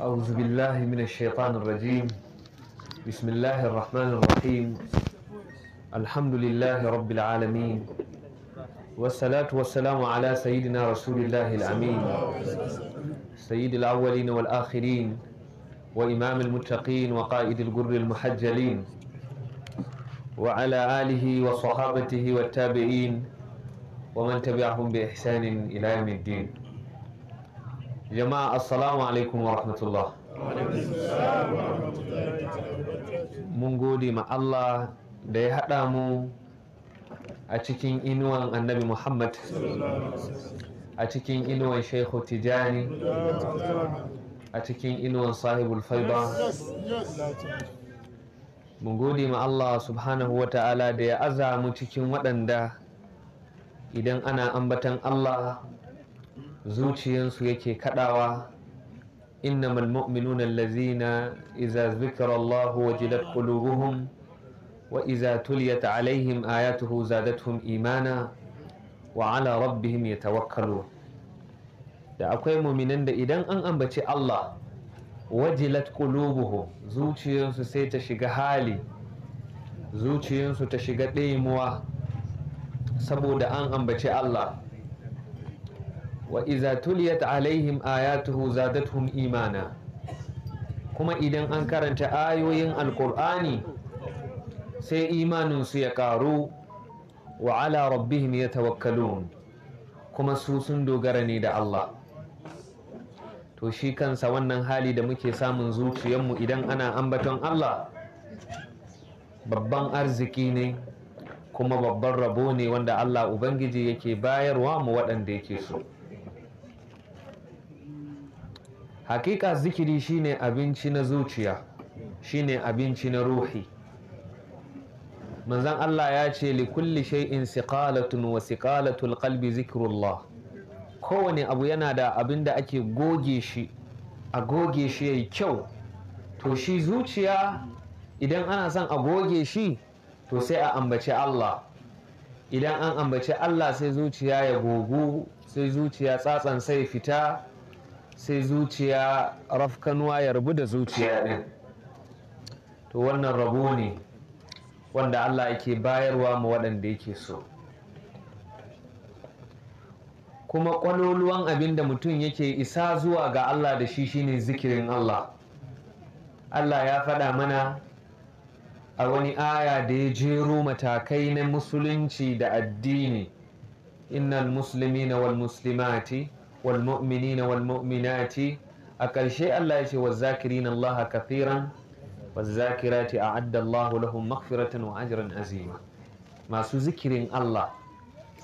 أعوذ بالله من الشيطان الرجيم بسم الله الرحمن الرحيم الحمد لله رب العالمين والصلاة والسلام على سيدنا رسول الله الأمين سيد الأولين والآخرين وإمام المتقين وقائد الجر المحجلين وعلى آله وصحابته والتابعين ومن تبعهم بإحسان إلى يوم الدين jama'a assalamu alaikum wa rahmatullah mun gode ma Allah da ya haɗa mu a cikin inuwan annabi muhammad a cikin inuwan shaikhu tijani a cikin inuwan sahibul faida mun gode ma Allah subhanahu wa ta'ala da ya aza mu cikin waɗanda idan ana ambatan Allah zuciyarsu yake kadawa innamal mu'minuna allazina idza zikra Allah wajilat qulubuhum wa idza tuliyat alaihim ayatuhu zadatuhum imana wa ala rabbihim yatawakkalu da akwai muminan da idan an ambaci Allah wajilat qulubuhum zuciyarsu sai ta shiga hali zuciyarsu ta shiga ɗaimuwa saboda an ambaci Allah wa iza tuliyat alaihim ayatuhu zadatuhum imana kuma idan an karanta ayoyin Alƙur'ani, sai imaninsu ya karu wa ala ya yatawakkalun kuma su sun dogara ne da Allah to shi kansa wannan hali da muke samun zuciyarmu idan ana ambaton Allah babban arziki ne kuma babban rabo ne wanda Allah Ubangiji yake bayarwa mu waɗanda yake so. hakika zikiri shine abinci na zuciya shine abinci na ruhi manzan Allah ya ce li kulli shay'in siqalatun wa siqalatul qalbi zikrullah kowane abu yana da abin da ake goge shi a goge shi yayi kyau to shi zuciya idan ana son a goge shi to sai a ambace Allah idan an ambace Allah sai zuciya ya gogu sai zuciya tsatsan sai fita sai zuciya rafkanuwa ya rabu da zuciya ɗin to wannan rabo ne wanda allah yake bayarwa ma waɗanda yake so kuma ƙwaloluwan abin da mutum yake isa zuwa ga allah da shi shine zikirin allah allah ya faɗa mana a wani aya da ya jero matakai na musulunci da addini innal muslimina wal muslimati wal mu'minina a ƙarshe Allah ya ce wa zakirin Allah kathiran wa zakirati a'adda Allah lahum wa ajran azima masu zikirin Allah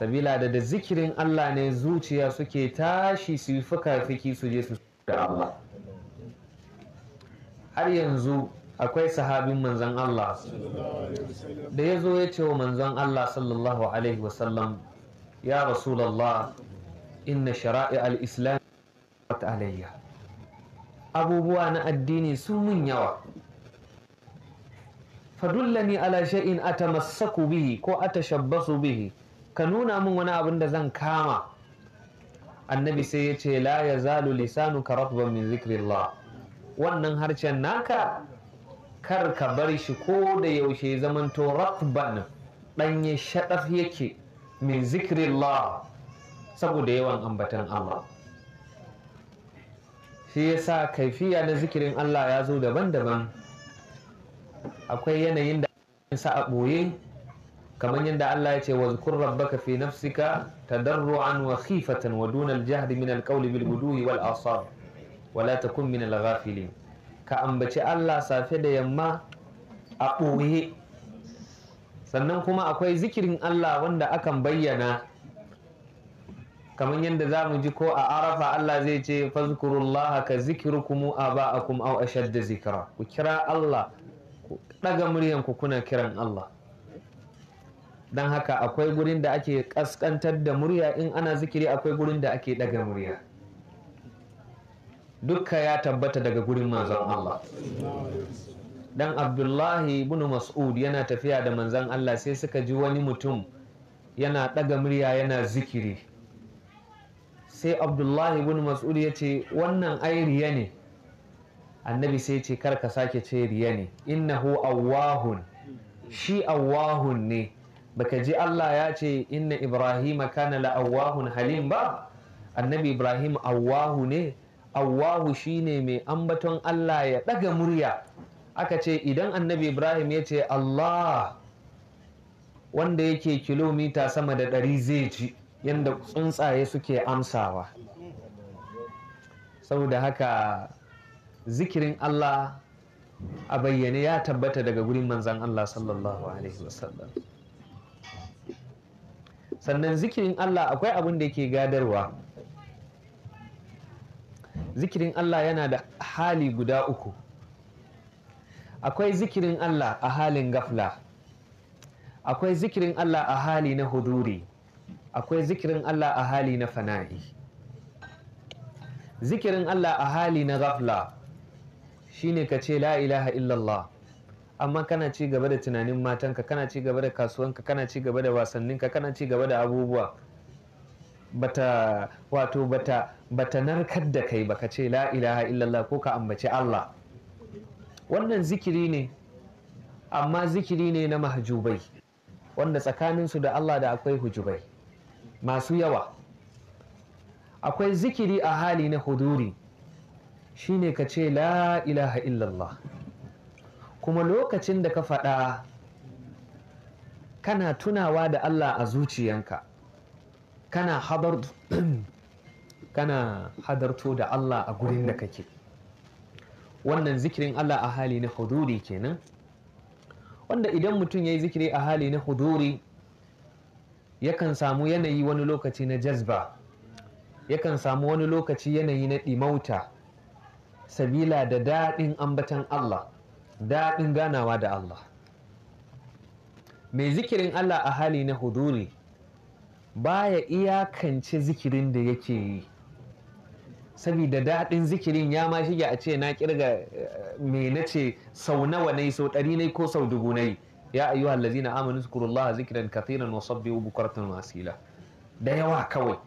sabila da da zikirin Allah ne zuciya suke tashi su yi fuka-fiki su je su da Allah har yanzu akwai sahabin manzon Allah da ya zo ya ce wa manzon Allah sallallahu alaihi wasallam ya rasulallah inna shara'i al-islam alayya abubuwa na addini sun mun yawa fadullani ala shay'in atamassaku bihi ko atashabbasu bihi ka nuna min wani abin da zan kama annabi sai ya ce la yazalu lisanuka ratban min zikrillah wannan harshen naka kar ka bar shi ko da yaushe zamanto ratban ɗanye shadaf yake min zikirillah saboda yawan ambatan Allah shi yasa kaifiya na zikirin Allah ya zo daban-daban akwai yanayin da sa a ɓoye kamar yadda Allah ya ce wa zukur rabbaka fi nafsika tadarru'an wa khifatan wa duna al-jahri min al bil guduwi wal asar wa la takun min al-ghafilin ka ambaci Allah safe da yamma a ɓoye sannan kuma akwai zikirin Allah wanda akan bayyana kamar yadda za mu ji ko a arafa Allah zai ce fazkurullah ka a ba kuma au aw da zikira ku kira Allah ku daga muryan ku kuna kiran Allah Don haka akwai gurin da ake kaskantar da murya in ana zikiri akwai gurin da ake daga murya dukka ya tabbata daga gurin manzon Allah dan Abdullahi ibn Mas'ud yana tafiya da manzon Allah sai suka ji wani mutum yana ɗaga murya yana zikiri sai abdullahi bin mas'ud ya ce wannan ai riya ne annabi sai ce kar ka sake ce riya ne innahu Awahun! shi awwahun ne baka ji Allah ya ce inna ibrahima kana la awwahun halim ba annabi ibrahim awwahu ne awwahu shine mai ambaton Allah ya daga murya aka ce idan annabi ibrahim ya ce Allah wanda yake kilomita sama da ɗari zai ci yadda tsuntsaye suke amsawa saboda haka zikirin Allah a bayyane ya tabbata daga gurin manzan Allah sallallahu alaihi wasallam sannan zikirin Allah akwai abin da yake gadarwa zikirin Allah yana da hali guda uku akwai zikirin Allah a halin gafla akwai zikirin Allah a hali na huduri akwai zikirin Allah a hali na fana'i zikirin Allah a hali na gafla shine ka ce la ilaha illallah amma kana ci gaba da tunanin matanka kana ci gaba da kasuwanka kana ci gaba da wasanninka kana ci gaba da abubuwa bata wato bata bata narkar da kai baka ce la ilaha illallah ko ka ambaci Allah wannan zikiri ne amma zikiri ne na mahjubai wanda tsakaninsu da Allah da akwai hujubai masu yawa akwai zikiri a hali na huduri shine ka ce la ilaha illallah kuma lokacin da ka faɗa kana tunawa da Allah a zuciyanka kana kana hadarto da Allah a gurin da kake wannan zikirin Allah a hali na huduri kenan wanda idan mutum ya yi zikiri a hali na huduri yakan samu yanayi wani lokaci na jazba yakan samu wani lokaci yanayi na ɗimauta sabila da daɗin ambatan Allah daɗin ganawa da Allah mai zikirin Allah a hali na huduri baya iyakance zikirin da yake yi sabida daɗin zikirin ya ma shige a ce na kirga eh, me na ce sau nawa na sau ɗari na ko sau dubu na ya ayyuhal ladzina amanu zkurullaha zikirin katiran wa biyu bukratan masila. da yawa kawai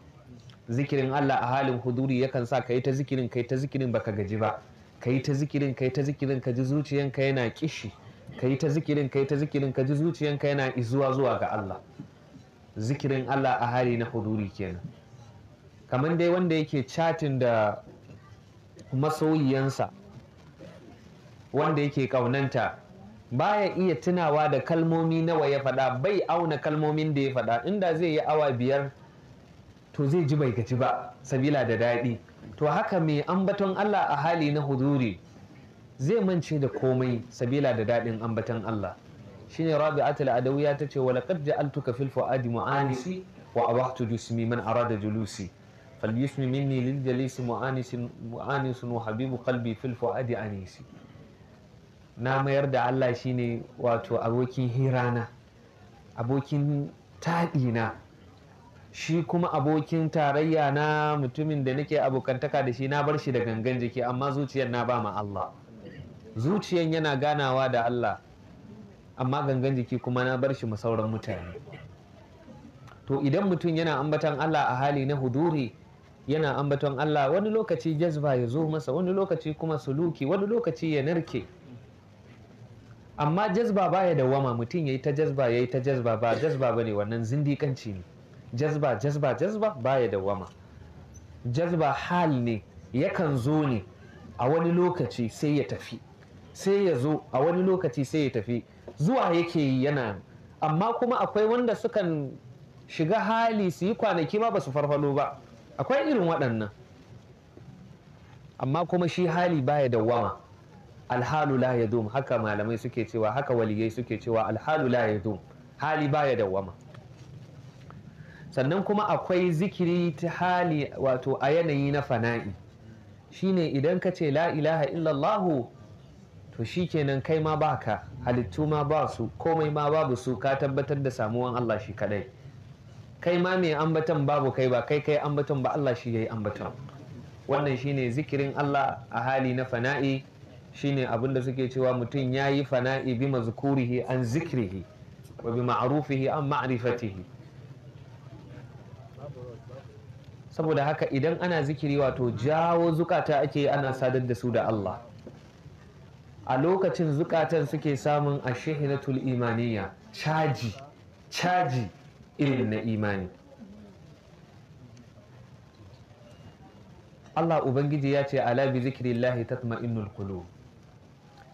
zikirin Allah a halin huduri yakan sa ka yi ta zikirin ka yi ta zikirin baka gaji ba ka yi ta zikirin ka yi ta zikirin ka ji zuciyanka yana kishi ka yi ta zikirin ka yi ta zikirin ka ji zuciyanka yana izuwa zuwa ga Allah zikirin Allah a hali na huduri kenan kamar dai wanda yake chatin da masoyiyansa wanda yake kaunanta baya iya tunawa da kalmomi nawa ya faɗa bai auna kalmomin da ya faɗa inda zai yi awa biyar to zai ji bai gaji ba sabila da daɗi to haka mai ambaton Allah a hali na huzuri zai mance da komai sabila da daɗin ambaton Allah shine rabi'atul adawiya tace wa laqad ja'altuka fil fuadi mu'anisi wa abahtu jismi man arada julusi falyusmi minni lil jalisi mu'anisin mu'anisun wa habibu qalbi fil fuadi anisi na mayar da Allah shine wato abokin hirana abokin taɗina shi kuma abokin tarayya na mutumin da nake abokantaka da shi na bar shi da gangan jiki amma zuciyar na ba ma Allah zuciyar yana ganawa da Allah amma gangan jiki kuma na bar shi ma sauran mutane to idan mutum yana ambaton Allah a hali na huduri yana ambaton Allah wani lokaci jazba ya zo masa wani lokaci kuma suluki wani lokaci ya narke amma jazba baya dawwama mutum ya yi ta jazba ya yi ta jazba ba jazba ba ne wannan zindikanci ne jazba jazba jazba baya wama jazba hal ne yakan zo ne a wani lokaci sai ya tafi sai ya zo a wani lokaci sai ya tafi zuwa yake yi yana amma kuma akwai wanda sukan shiga hali su yi kwanaki ma ba su farfalo ba akwai irin waɗannan amma kuma shi hali baya wama. alhalu la yadum haka malamai suke cewa haka waliyai suke cewa alhalu la hali baya dawwama sannan kuma akwai zikiri ta hali wato a yanayi na fana'i shine idan ka ce la ilaha illallahu to shikenan kai ma baka halittu ma ba su komai ma babu su ka tabbatar da samuwan Allah shi kadai kai ma mai ambaton babu kai ba kai kai ambaton ba Allah shi yayi ambaton wannan shine zikirin Allah a hali na fana'i shine abin da suke cewa mutum ya yi fana'i bi mazkurihi an zikrihi wa bi ma'rufihi an ma'rifatihi saboda haka idan ana zikiri wato jawo zukata ake ana sadar da su da Allah a lokacin zukatan suke samun shehinatul imaniya caji caji irin na imani Allah Ubangiji ya ce ala bi zikrillahi tatma'innul qulub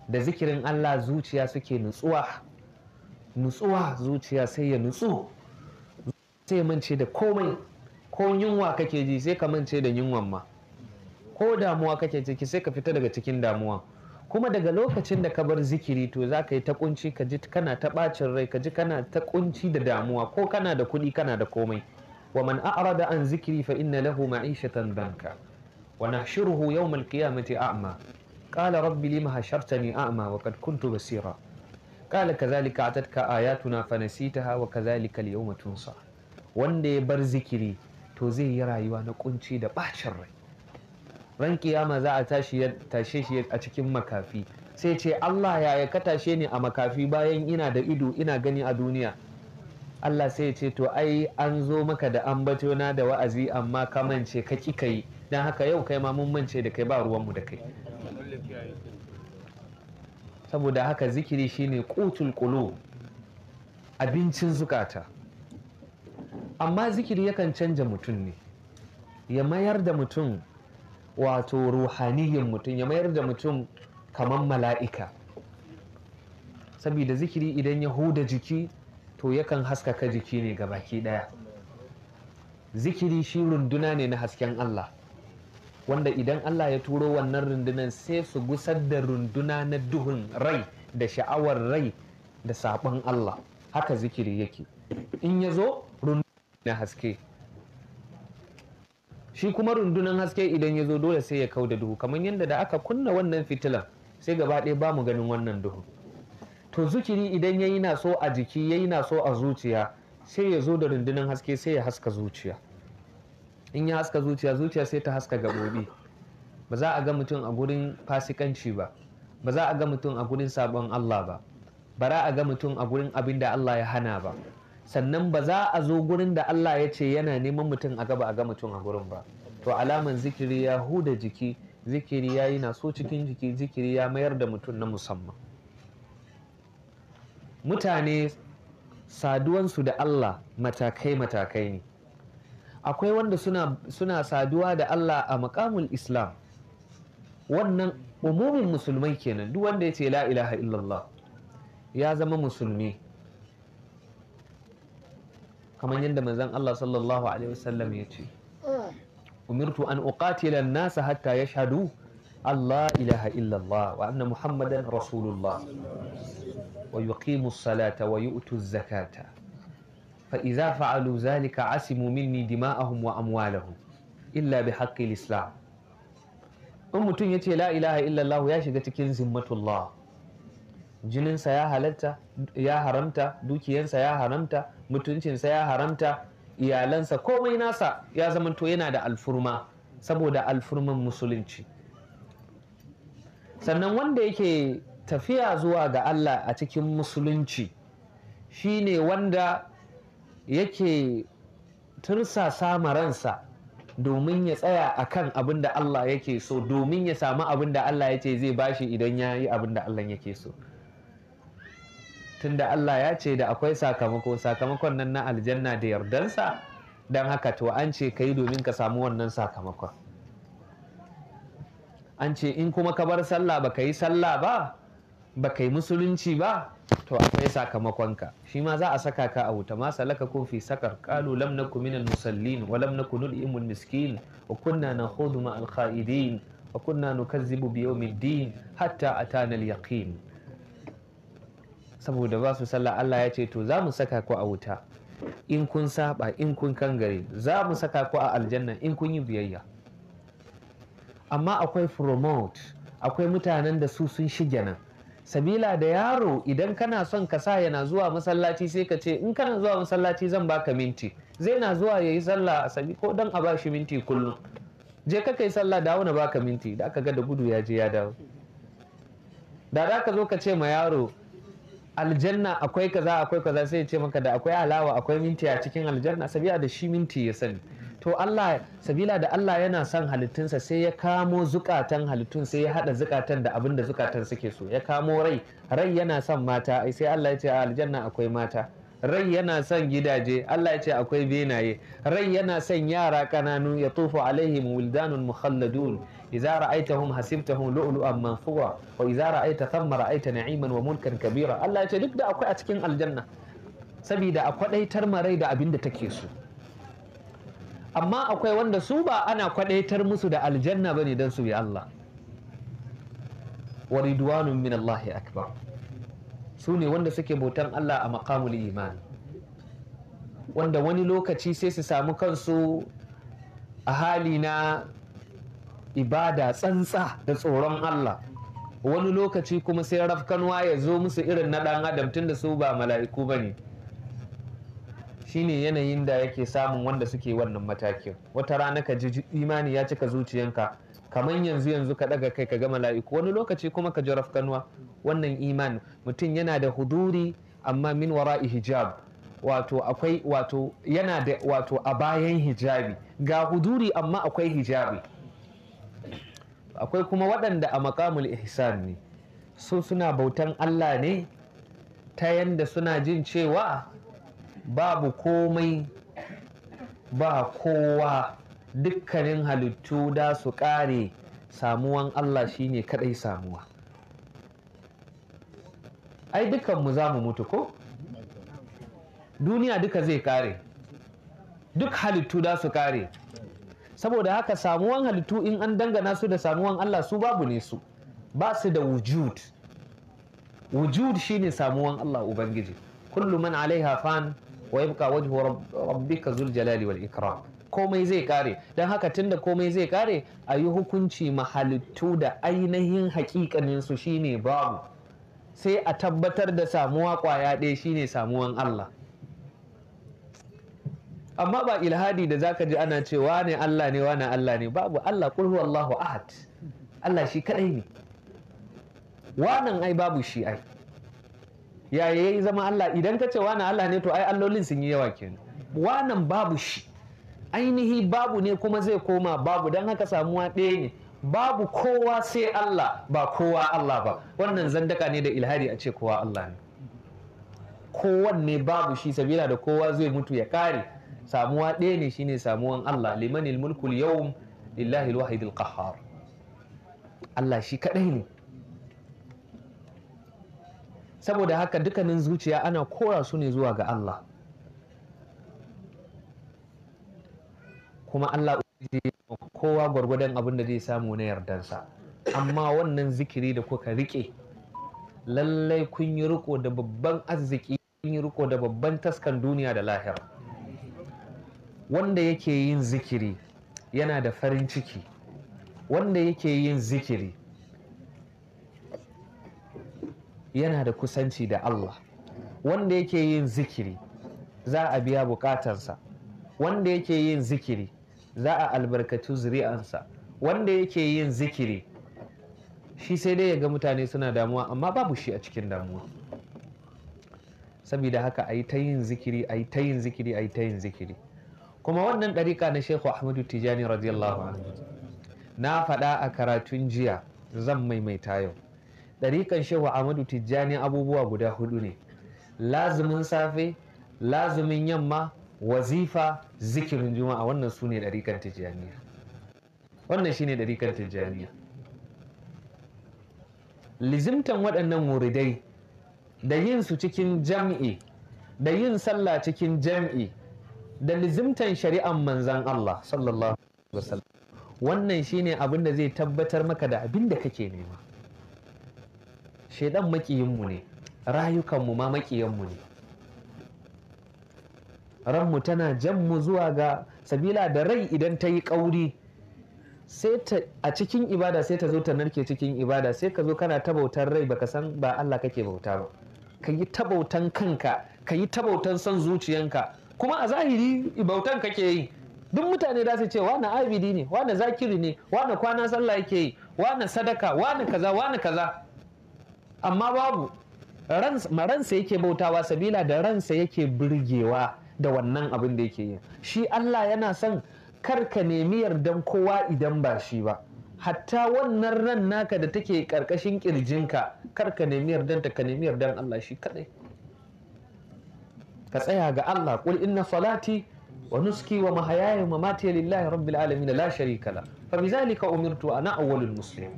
da zikirin Allah zuciya suke nutsuwa nutsuwa zuciya sai ya nutsu sai mance da komai ko yunwa kake ji sai ka mance da yunwan ma ko damuwa kake ciki sai ka fita daga cikin damuwa kuma daga lokacin da ka bar zikiri to za ka yi ta kunci ka ji kana ta bacin rai ka ji kana ta kunci da damuwa ko kana da kuɗi kana da komai wa man a'rada an zikiri fa inna lahu ma'ishatan banka wa nahshuruhu yawmal qiyamati a'ma قال رب لم حشرتني أعمى وقد كنت بصيرا قال كذلك أتتك آياتنا فنسيتها وكذلك اليوم تنسى wanda ya bar zikiri to zai yi rayuwa na kunci da bacin rai ran kiyama za a tashe shi a cikin makafi sai ce Allah ya ka tashe ni a makafi bayan ina da ido ina gani a duniya Allah sai ce to ai an zo maka da ambatona da wa'azi amma ka mance ka ki kai dan haka yau kai ma mun mance da kai ba ruwanmu da kai saboda haka zikiri shine kutul kulo abincin zukata amma zikiri yakan canja mutum ne ya mayar da mutum wato ruhaniyin mutum ya mayar da mutum kamar mala'ika saboda zikiri idan ya huda jiki to yakan haskaka jiki ne ga baki daya zikiri shi runduna ne na hasken Allah wanda idan Allah ya turo wannan rundunan sai su gusar da runduna na duhun rai da sha'awar rai da sabon Allah haka zikiri yake in ya zo na haske shi kuma rundunan haske idan ya zo dole sai ya kau da duhu kamar yadda da aka kunna wannan fitilan sai gaba ɗaya ba mu ganin wannan duhu to zikiri idan ya yi na so a jiki ya yi na so a zuciya sai ya zo da rundunan haske sai ya haska zuciya in ya haska zuciya zuciya sai ta haska gaɓoɓi ba za a ga mutum a gurin fasikanci ba ba za a ga mutum a gurin sabon Allah ba ba za a ga mutum a gurin abin da Allah ya hana ba sannan ba za a zo gurin da Allah ya ce yana neman mutum a gaba a ga mutum a gurin ba to alaman zikiri ya huda jiki zikiri ya yi naso cikin jiki zikiri ya mayar da mutum na musamman mutane saduwansu da Allah matakai-matakai ne akwai wanda suna, suna saduwa da Allah a makamul islam wannan umumin musulmai kenan duk wanda ya ce la ilaha illallah ya zama musulmi kamar yadda manzon Allah sallallahu alaihi wasallam ya ce umirtu an uqatila nasa hatta yashhadu Allah ilaha illallah wa anna muhammadan rasulullah wa yuqimu as-salata wa yu'tu az-zakata fa iza fa'alu zalika asimu minni dima'ahum wa amwalahum illa bi islam in mutum ya ce la ilaha illallah ya shiga cikin zimmatullah jininsa ya halatta ya haramta dukiyansa ya haramta mutuncinsa ya haramta iyalansa komai nasa ya zamanto yana da alfurma saboda alfurman musulunci sannan wanda yake tafiya zuwa ga Allah a cikin musulunci shine wanda yake tursa ma ransa domin ya tsaya a kan abin da Allah yake so domin ya samu abin da Allah ya ce zai shi idan ya yi abin da Allah yake so tunda Allah ya ce da akwai sakamako sakamakon nan na aljanna da yardansa don haka to an ce ka yi domin ka samu wannan sakamakon an ce in kuma ka bar sallah ba ka yi sallah ba ba yi musulunci ba to akwai ka. shi ma za a saka ka a wuta ma salaka kun fi sakar kalu lam nakum minal musallin wa lam nakum imul miskin wa kunna nakhudu ma al kha'idin wa kunna nukazzibu bi yawmiddin hatta atana al yaqin saboda ba su sallah Allah ya ce to za mu saka ku a wuta in kun saba in kun kangare za mu saka ku a aljanna in kun yi biyayya amma akwai promote akwai mutanen da su sun shige nan sabila da yaro idan kana son ka sa yana zuwa masallaci sai ka ce in kana zuwa masallaci zan baka minti zai na zuwa yayi sallah a sabi ko dan a ba shi minti kullum je ka kai sallah dawo na baka minti da aka ga da gudu ya je ya dawo da za ka zo ka ce ma yaro aljanna akwai kaza akwai kaza sai ya ce maka da akwai alawa akwai minti a cikin aljanna sabila da shi minti ya sani to Allah sabila da Allah yana son halittunsa sai ya kamo zukatan halittun sai ya hada zukatan da abin da zukatan suke so ya kamo rai rai yana son mata ai sai Allah ya ce a aljanna akwai mata rai yana son gidaje Allah ya ce akwai benaye rai yana son yara kananu ya tufu alaihim wildanun mukhalladun idza ra'aitahum hasibtahum lu'lu'an manthura wa idza ra'aita thamma ra'aita na'iman wa mulkan kabira Allah ya ce duk da akwai a cikin aljanna sabida akwai kwadaitar marai da abin da take so amma akwai wanda su ba ana kwadaitar musu da aljanna bane dan su bi Allah wa ridwanun min Allah akbar su ne wanda suke bautan Allah a maqamul iman wanda wani lokaci sai su samu kansu a hali na ibada tsantsa da tsoron Allah wani lokaci kuma sai rafkanwa ya zo musu irin na ɗan adam tunda su ba mala'iku bane shine yanayin da yake samun wanda suke wannan matakin wata rana ka ji imani ya cika zuciyanka kamar yanzu yanzu ka daga kai ka gama mala'iku wani lokaci kuma ka ji rafkanwa wannan iman mutum yana da huduri amma min wara'i hijab wato akwai wato yana da wato a bayan hijabi ga huduri amma akwai hijabi akwai kuma waɗanda a makamul ihsan ne su suna bautan Allah ne ta yanda suna jin cewa babu komai ba kowa dukkanin halittu da su ƙare samuwan Allah shi ne kaɗai samuwa ai dukanmu za mu mutu ko duniya duka zai ƙare duk halittu da su ƙare saboda haka samuwan halittu in an dangana su da samuwan Allah su babu ne su ba su da wujud wujud shine samuwan Allah ubangiji kullu man alaiha fan wa yabqa wajhu rabbika zul jalali wal ikram komai zai kare don haka tunda komai zai kare a yi hukunci mahalittu da ainihin hakikanin su shine babu sai a tabbatar da samuwa kwaya ɗaya shine samuwan Allah amma ba ilhadi da zaka ji ana ce ne Allah ne wani Allah ne babu Allah kul huwallahu ahad Allah shi kadai ne wannan ai babu shi ai yaya ya yi zama Allah idan ka ce wani Allah ne to ai allolin sun yi yawa kenan wannan babu shi ainihi babu ne kuma zai koma babu don haka samuwa ɗaya ne babu kowa sai Allah ba kowa Allah ba wannan zandaka ne da ilhari a ce kowa Allah ne kowanne babu shi sabila da kowa zai mutu ya kare samuwa ɗaya ne shine samuwan Allah limanil mulkul yawm lillahi alwahid alqahhar Allah shi kadai ne saboda haka dukkanin zuciya ana kora su ne zuwa ga Allah kuma Allah kowa gwargwadon abin da zai samu na yardansa amma wannan zikiri da kuka rike lallai kun yi riko da babban arziki kun yi riko da babban taskan duniya da lahira wanda yake yin zikiri yana da farin ciki wanda yake yin zikiri yana da kusanci da Allah wanda yake yin zikiri za a biya bukatansa wanda yake yin zikiri za a albarkatu zuri'ansa wanda yake yin zikiri shi sai dai ya ga mutane suna damuwa amma babu shi a cikin damuwa saboda haka a yi ta yin zikiri a ta yin zikiri a ta yin zikiri kuma wannan ɗariƙa na shehu ahmadu tijani radiyallahu anhu na faɗa a karatun jiya zan maimaita yau Ɗarikan shehu Ahmadu tijjani abubuwa guda hudu ne lazumin safe lazumin yamma wazifa zikirin juma'a wannan su ne ɗariƙan tijjaniya wannan shi ne ɗariƙan tijjaniya lizimtan waɗannan muridai da yin su cikin jam'i da yin sallah cikin jam'i da lizimtan shari'an manzan Allah sallallahu alaihi wasallam wannan shine abin da zai tabbatar maka da abin da kake nema shaidan makiyinmu ne rayukanmu ma makiyanmu ne ranmu tana janmu zuwa ga sabila da rai idan ta yi ƙauri sai ta a cikin ibada sai ta zo ta narke cikin ibada sai ka zo kana ta bautar rai baka san ba Allah kake bauta ba ka yi ta bautan kanka ka yi ta bautan son zuciyanka kuma a zahiri bautan kake yi duk mutane za su ce wani abidi ne wani zakiri ne wani kwana sallah yake yi wani sadaka wani kaza wani kaza amma babu ransa yake bautawa sabila da ransa yake birgewa da wannan abin da yake yi shi Allah yana son karka nemi yardan kowa idan ba shi ba hatta wannan ran naka da take karkashin kirjinka karka nemi yardan ta ka nemi yardan Allah shi kadai ka tsaya ga Allah kul inna salati wa nuski wa mahayaya wa mamati lillahi rabbil alamin la sharika la fa bi zalika umirtu ana awwalul muslimin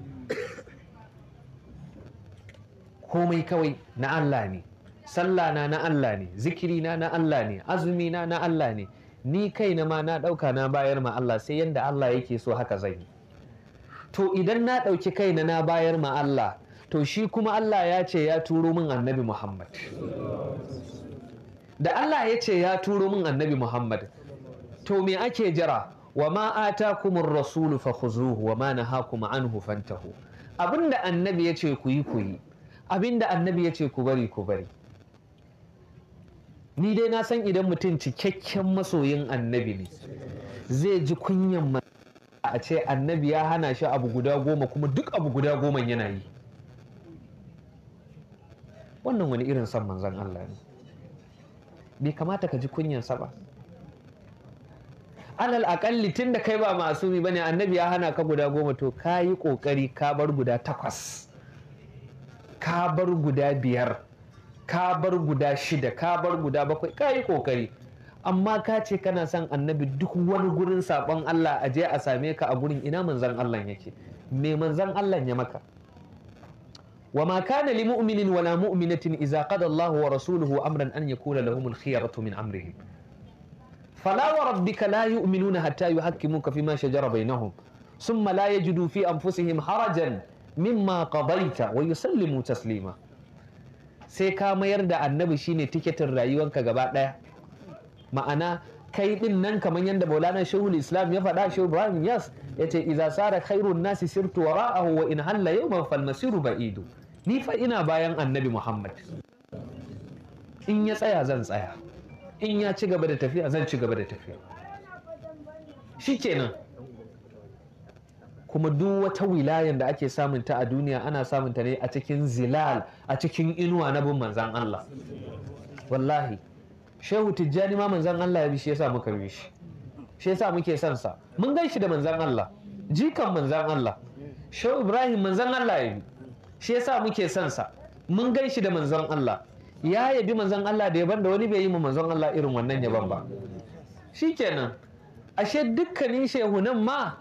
komai kawai na Allah ne sallah na Allah ne zikirina na Allah ne azumi na na Allah ne ni kaina ma na ɗauka na bayar ma Allah sai yadda Allah yake so haka zan yi to idan na ɗauki kaina na bayar ma Allah to shi kuma Allah ya ce ya turo min annabi Muhammad da Allah ya ce ya turo min annabi Muhammad to me ake jira wa ma atakumur rasulu fakhuzuhu wa ma nahakum anhu fantahu abinda annabi ya ce ku yi ku yi abinda annabi ya ce ku bari ku bari ni dai na san idan mutum cikakken masoyin annabi ne zai ji kunyan a ce annabi ya hana shi abu guda goma kuma duk abu guda goma yana yi wannan wani irin san manzan Allah ne bai kamata ka ji kunyansa ba alal akalli tun da kai ba ba ne annabi ya hana ka guda goma to ka yi kokari ka bar guda takwas ka bar guda biyar ka bar guda shida ka bar guda bakwai ka yi kokari amma ka ce kana son annabi duk wani gurin saƙon Allah a je a same ka a gurin ina manzan Allah yake me manzan Allah ya maka wa ma kana li mu'minin wala mu'minatin idza qada Allah wa rasuluhu amran an yakuna lahum al-khiyaratu min amrihim fala wa rabbika la yu'minuna hatta yuhaqqimuka fima shajara bainahum thumma la yajidu fi anfusihim harajan Min mimma qadaita wa yusallimu taslima sai ka mayar da annabi shine tiketin rayuwanka gaba ɗaya? ma'ana kai din nan kamar yadda Maulana Shehul Islam ya faɗa Shehu Ibrahim Yas yace "Iza sara khairun nasi sirtu wara'ahu wa in halla yawman fal masiru ba'idu ni fa ina bayan annabi Muhammad in ya tsaya zan tsaya in ya ci gaba da tafiya zan ci gaba da tafiya Shi shikenan kuma duk wata wilayan da ake samun ta a duniya ana samun ta ne a cikin zilal a cikin inuwa na bin manzan Allah wallahi shehu tijjani ma manzan Allah ya bi shi yasa muka bi shi shi yasa muke son sa mun gan shi da manzan Allah jikan manzan Allah shehu ibrahim manzan Allah ya bi shi yasa muke son sa mun gan shi da manzan Allah ya yabi manzan Allah da yaban da wani bai yi ma manzan Allah irin wannan yaban ba shikenan ashe dukkanin Shehu nan ma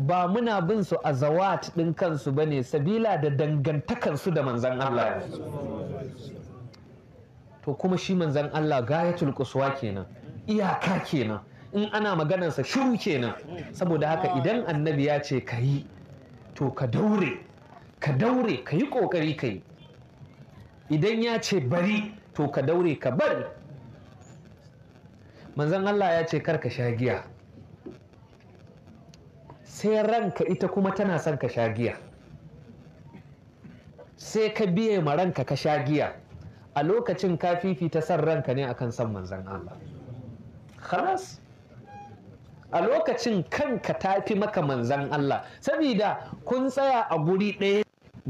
ba muna bin su a zawat ɗin kansu ba ne sabila da dangantakansu da manzan Allah to kuma shi manzan Allah gaya tulkusuwa kenan iyaka kenan in ana maganarsa shiru kenan saboda haka idan annabi ya ce ka yi to ka daure ka daure ka yi ƙoƙari ka yi idan ya ce bari to ka daure ka bari manzan Allah ya ce kar ka sha giya sai ranka ita kuma tana son ka sha giya sai ka biye ma ranka ka sha giya a lokacin ka fifita son ranka ne akan san manzan Allah khalas a lokacin kanka ta fi maka manzan Allah saboda kun tsaya a guri ɗaya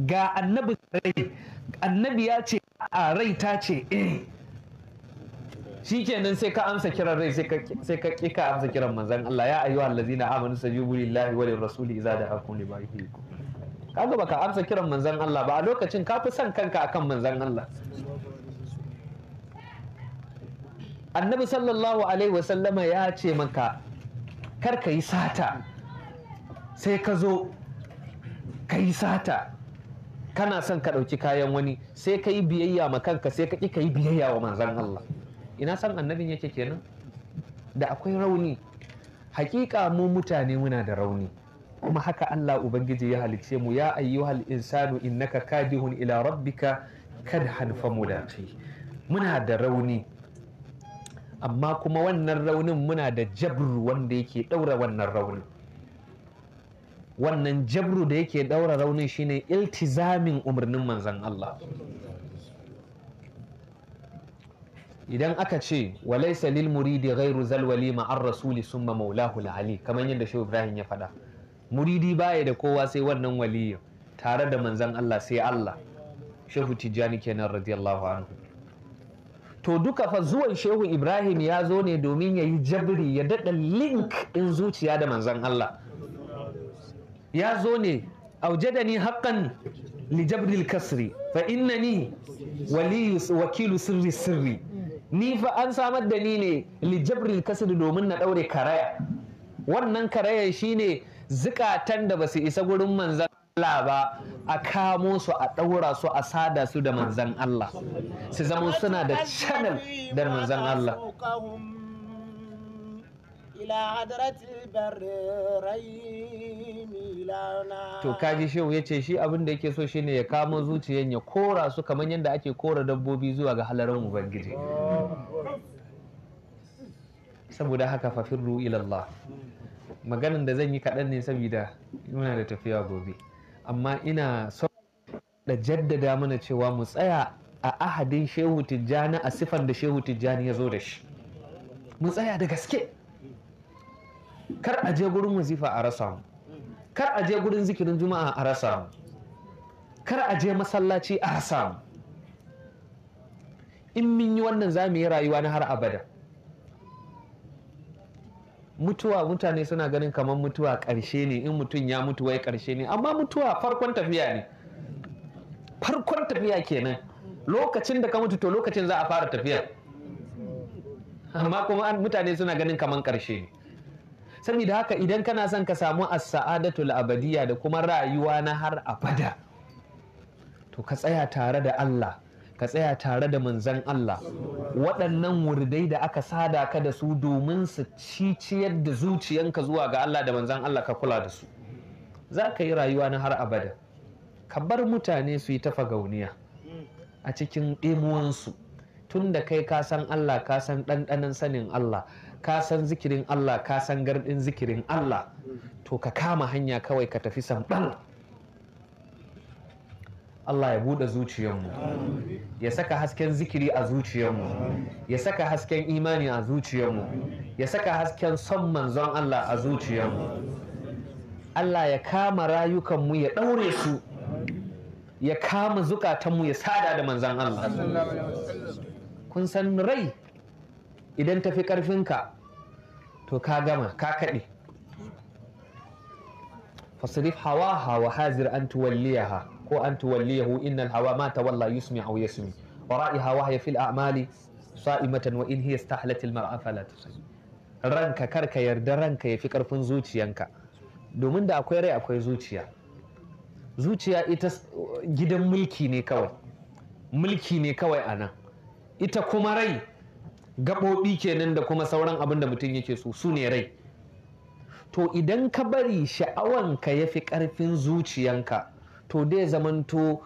ga annabi annabi ya ce a rai ta ce eh shi kenan sai ka amsa kiran rai sai ka ƙi ka amsa kiran manzan Allah ya ayyuha allazina amanu sajibu lillahi wa lirrasuli idza da'akum lima yuhyikum kaga baka amsa kiran manzan Allah ba a lokacin ka fi son kanka akan manzan Allah annabi sallallahu alaihi wa sallama ya ce maka kar ka yi sata sai ka zo ka yi sata kana son ka ɗauki kayan wani sai ka yi biyayya ma kanka sai ka ƙi ka yi biyayya wa manzan Allah ina san annabin yake kenan da akwai rauni hakika mu mutane muna da rauni kuma haka Allah ubangiji ya halice mu ya ayyuhal insanu innaka kadihun ila rabbika kadhan famulaqi muna da rauni amma kuma wannan raunin muna da jabru wanda yake daura wannan raunin wannan jabru da yake daura raunin shine iltizamin umarnin manzon Allah idan aka ce laisa lil muridi ghairu zalwali ar rasuli summa maulahu ali kamar yadda shehu ibrahim ya faɗa muridi baya da kowa sai wannan waliyin tare da manzon Allah sai Allah shehu tijjani kenan radiyallahu anhu to duka fa zuwan shehu ibrahim ya zo ne domin ya yi jabri ya dada link in zuciya da manzon Allah ya zo ne aujadani haqqan li jabril kasri fa innani waliyu wakilu sirri sirri ni fa an samar da ni ne lijabril kasir domin na ɗaure karaya wannan karaya shine zikatan da ba su isa gurin manzan Allah ba a kamo su a ɗaura su a sada su da manzan Allah su zama suna da channel da manzan Allah ila hadratil barrai milana to kaji shehu yace shi abin da yake so shine ya kama zuciyan ya kora su kamar yadda ake kora dabbobi zuwa ga halaran ubangiji saboda haka fafirru ila Allah maganin da zan yi kaɗan ne saboda muna da tafiya gobe amma ina so da jaddada mana cewa mu tsaya a ahadin shehu tijjani a sifan da shehu tijjani ya zo da shi mu tsaya da gaske kar a je gurin wazifa a rasa mu kar a je gurin zikirin juma'a a rasa mu kar a je masallaci a rasa mu in mun yi wannan za mu yi rayuwa na har abada mutuwa mutane suna ganin kamar mutuwa ƙarshe ne in mutum ya mutu wai ƙarshe ne amma mutuwa farkon tafiya ne farkon tafiya kenan lokacin da ka mutu to lokacin za a fara tafiya amma kuma mutane suna ganin kamar ƙarshe ne saboda haka idan kana son ka samu as-sa'adatul abadiyya da kuma rayuwa na har abada to ka tsaya tare da Allah ka tsaya tare da manzan Allah waɗannan wurdai da aka sada ka da su domin su ciciyar da zuciyanka zuwa ga Allah da manzan Allah ka kula da su za ka yi rayuwa na har abada ka bar mutane su yi ta fagauniya a cikin ɗimuwansu tun da kai ka san Allah ka san ɗanɗanan sanin Allah ka san zikirin Allah ka san gardin zikirin Allah to ka kama hanya kawai ka tafi samɗan Allah ya buɗe zuciyarmu ya saka hasken zikiri a zuciyarmu ya saka hasken imani a zuciyarmu ya saka hasken son manzon Allah a zuciyarmu Allah ya kama rayukanmu ya ɗaure su ya kama zukatanmu ya sada da manzan Allah kun san rai idan tafi ƙarfinka to ka gama ka kaɗe fasrif hawa hawa hazir an tuwalliyaha ko an tuwalliyahu innal hawa ma walla yusmi aw yasmi wa ra'iha wahya fil a'mali sa'imatan wa in hiya istahlat al mar'a fala tusalli ranka karka yarda ranka yafi karfin zuciyanka domin da akwai rai akwai zuciya zuciya ita gidan mulki ne kawai mulki ne kawai anan ita kuma rai gaɓoɓi kenan da kuma sauran abin da mutum yake so su ne rai to idan ka bari sha'awanka ya fi ƙarfin zuciyanka to dai zamanto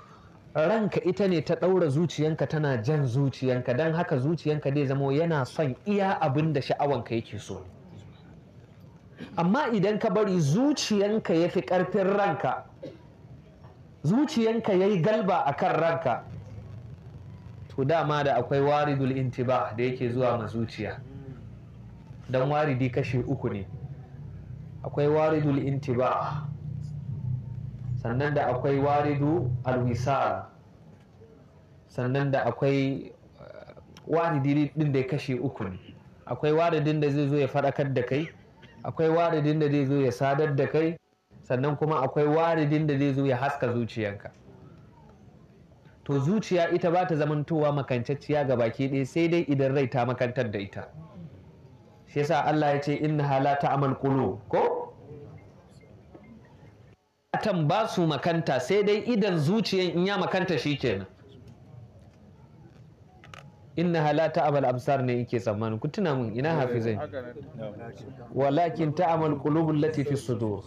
ranka ita ne ta ɗaura zuciyanka tana jan zuciyanka don haka zuciyanka dai zamo yana son iya abin da sha'awanka yake so amma idan ka bari zuciyanka ya fi ƙarfin ranka zuciyanka ya yi galba a kan ranka to dama da akwai waridul intiba da yake zuwa ma zuciya don waridi kashi uku ne akwai waridul intiba sannan da akwai waridu alwisar sannan da akwai eh, waridi din da kashe uku ne akwai waridin da zai zo ya faɗakar da kai akwai waridin da zai zo ya sadar da kai sannan kuma akwai waridin da zai zo ya haska zuciyanka to zuciya ita ba ta zamantowa makancacciya ga baki ɗaya sai dai idan rai ta makantar da ita shi yasa Allah ya ce inna hala ta amal kulu ko atan ba su makanta sai dai idan zuciyan in ya makanta shi kenan inna hala ta amal amsar ne yake tsammanin ku tuna min ina eh, hafizai walakin ta amal qulubul lati fi sudur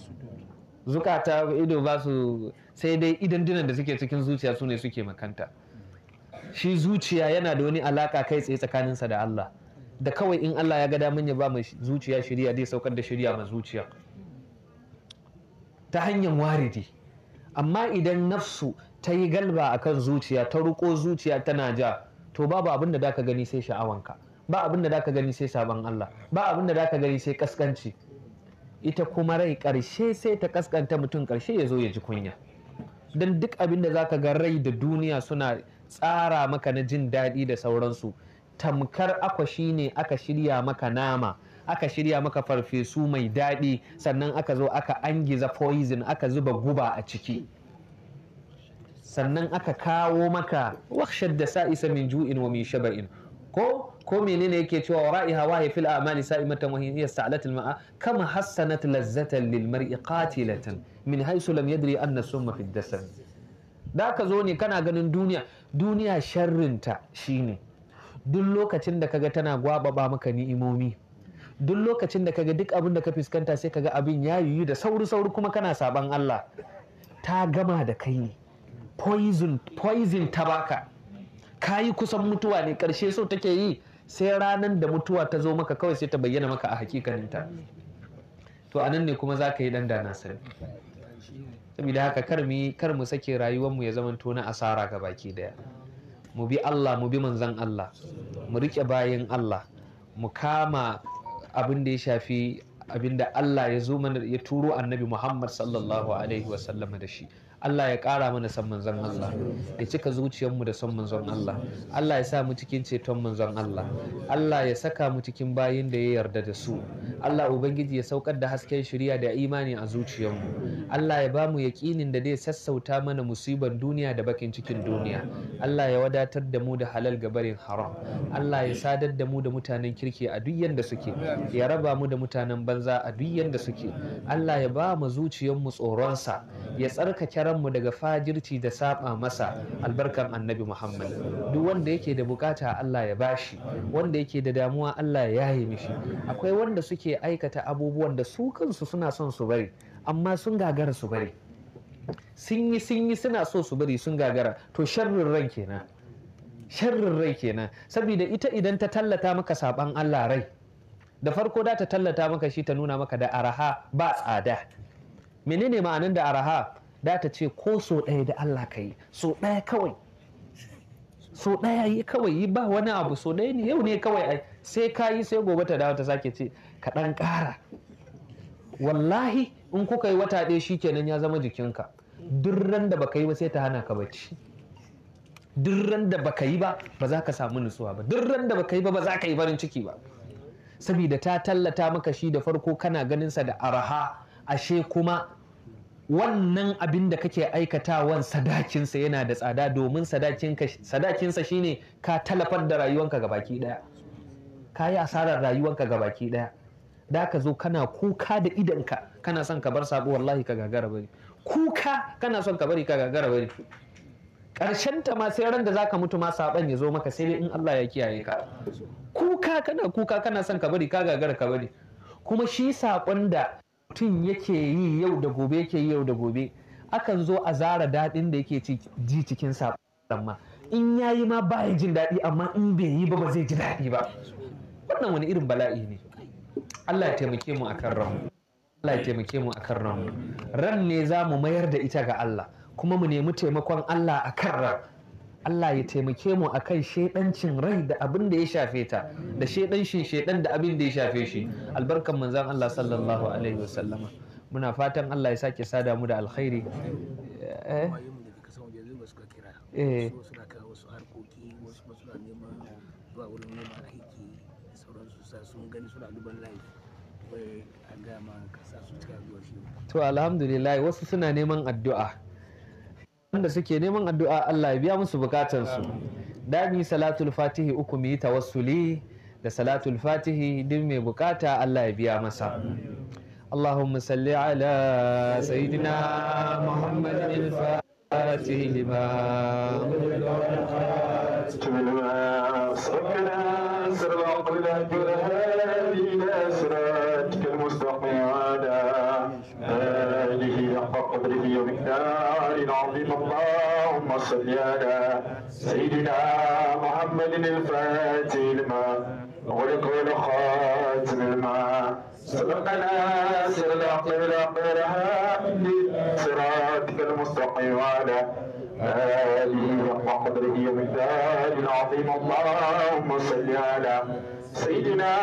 zukata ido ba su sai dai idan dinan da suke cikin zuciya su ne suke makanta shi zuciya yana da wani alaka kai tsaye tsakaninsa da Allah da kawai in Allah ya ga damin ya ba mu zuciya shirya dai saukar da shirya ma zuciya ta hanyar waridi amma idan nafsu ta yi galba akan zuciya ta ruko zuciya tana ja to babu abin da daka gani sai sha'awanka ba abin da daka gani sai sabon Allah ba abin da daka gani sai kaskanci ita kuma rai ƙarshe sai ta kaskanta mutum ƙarshe ya zo ya ji kunya don duk abin da zaka ga rai da duniya suna tsara maka na jin daɗi da sauransu tamkar akwashi ne aka shirya maka nama aka shirya maka farfesu mai daɗi sannan aka zo aka angiza poison aka zuba guba a ciki sannan aka kawo maka wakshar da sa isa min ju'in wa min shaba'in ko ko menene yake cewa wara'iha wahi fil amani sa'imatan wa hiya sa'alatul ma'a kama hassanat lazzatan lil mar'i qatilatan min haythu lam yadri anna summa fi dasam da ka zo ne kana ganin duniya duniya sharrinta shine duk lokacin da kaga tana gwababa maka ni'imomi duk lokacin da kaga duk abin da ka fuskanta sai kaga abin ya yi da sauri sauri kuma kana saban Allah ta gama da kai ne poison poison ta baka ka yi kusan mutuwa ne ƙarshe so take yi sai ranar da mutuwa ta zo maka kawai sai ta bayyana maka a hakikaninta to anan ne kuma za ka yi danda na sani saboda haka kar mu sake mu ya zama na asara ga baki daya mu bi Allah mu bi manzan Allah mu rike bayan Allah mu kama abin da ya shafi abin Allah ya zo mana ya turo annabi Muhammad sallallahu alaihi wasallam da shi Allah ya ƙara mana san manzon Allah ya cika zuciyarmu da san manzon Allah Allah ya sa mu cikin ceton manzon Allah Allah ya saka mu cikin bayin da ya yarda da su Allah ubangiji ya saukar da hasken shari'a da imani a zuciyarmu Allah ya bamu yaƙinin da zai sassauta mana musibar duniya da bakin cikin duniya Allah ya wadatar da mu da halal gabarin haram Allah ya sadar da mu da mutanen kirki a duk yanda suke ya raba mu da mutanen banza a duk yanda suke Allah ya ba mu zuciyarmu tsoronsa ya tsarkake ranmu daga fajirci da saba masa albarkan annabi muhammad duk wanda yake da bukata allah ya bashi wanda yake da damuwa allah ya yaye mishi akwai wanda suke aikata abubuwan da su kansu suna son su bari amma sun gagara su bari sun yi sun yi suna so su bari sun gagara to sharrin rai kenan sharrin rai kenan saboda ita idan ta tallata maka saban allah rai da farko da ta tallata maka shi ta nuna maka da araha ba tsada menene ma'anin da araha da ta ce ko so ɗaya da Allah ka yi so ɗaya kawai so ɗaya yi kawai yi ba wani abu so ɗaya ne yau ne kawai ai sai ka yi sai gobe ta dawo ta sake ce ka ɗan ƙara wallahi in kuka yi wata ɗaya shi kenan ya zama jikinka duk ran da baka yi ba sai ta hana ka bacci duk ran da baka yi ba ba za ka samu nutsuwa ba duk ran da baka yi ba ba za ka yi farin ciki ba saboda ta tallata maka shi da farko kana ganin sa da araha ashe kuma wannan abin da kake aikatawan sadakinsa yana da tsada domin sadakinsa shine ka talafar da rayuwanka ga baki daya ka yi asarar rayuwanka ga baki daya da ka zo kana kuka da idanka kana son ka bar sabo wallahi ka gagara bari kuka kana son ka bari ka gagara bari karshen ta ma sai ran da zaka mutu ma saban ya zo maka sai dai in Allah ya kiyaye ka kuka kana kuka kana son ka bari ka gagara ka bari kuma shi sakon da mutum yake yi yau da gobe yake yi yau da gobe akan zo a zara daɗin da yake ji cikin saɓon ma in ya yi ma baya jin daɗi amma in bai yi ba ba zai ji daɗi ba wannan wani irin bala'i ne Allah ya taimake mu akan ranmu Allah ya taimake mu akan ranmu ran ne za mu mayar da ita ga Allah kuma mu nemi taimakon Allah akan ran Allah ya taimake mu akan shaidancin rai da abin da ya shafe ta da shedancin shaidan da abin da ya shafe shi albarkan manzon Allah sallallahu alaihi wasallama muna fatan Allah ya sake sada mu da alkhairi eh gani suna duban layi a zuwa shi to alhamdulillah wasu suna neman addu'a wanda suke neman addu'a Allah ya biya musu bukatansu dami salatul fatihi uku mu yi tawassuli da salatul fatihi duk mai bukata Allah ya biya masa اللهم صل على سيدنا محمد الفاتح لما صل على سيدنا محمد الفاتح لما وغلق خاتم الماء سبقنا سر العقل بالحق من صراطك المستقيم على آله وحق قدره ومثال عظيم اللهم صل على سيدنا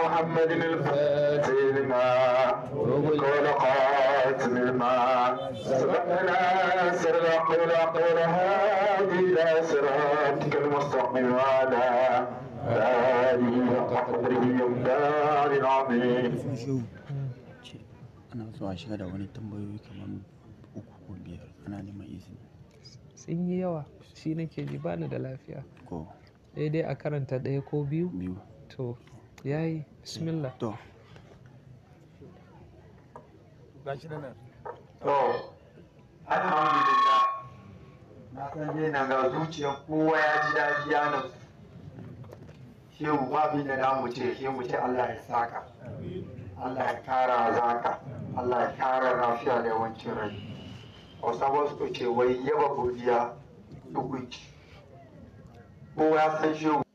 محمد الفاتح لما وغلق والخاتم سبقنا المستقيم da wani tambayoyi kamar uku ko biyar ana sun yi yawa shi nake ji bani da lafiya daidai eh, a karanta ɗaya ko biyu to yayi bismillah gashi nan to alhamdulillah na san dai nan ga zuciyar kowa ya ji daɗi ya nan shehu ba bi da namu ce shehu mu ce Allah ya saka Allah ya kara zaka Allah ya kara lafiya da yawancin rai Hausa wasu ku ce wai yaba godiya duk wiki kowa ya san shehu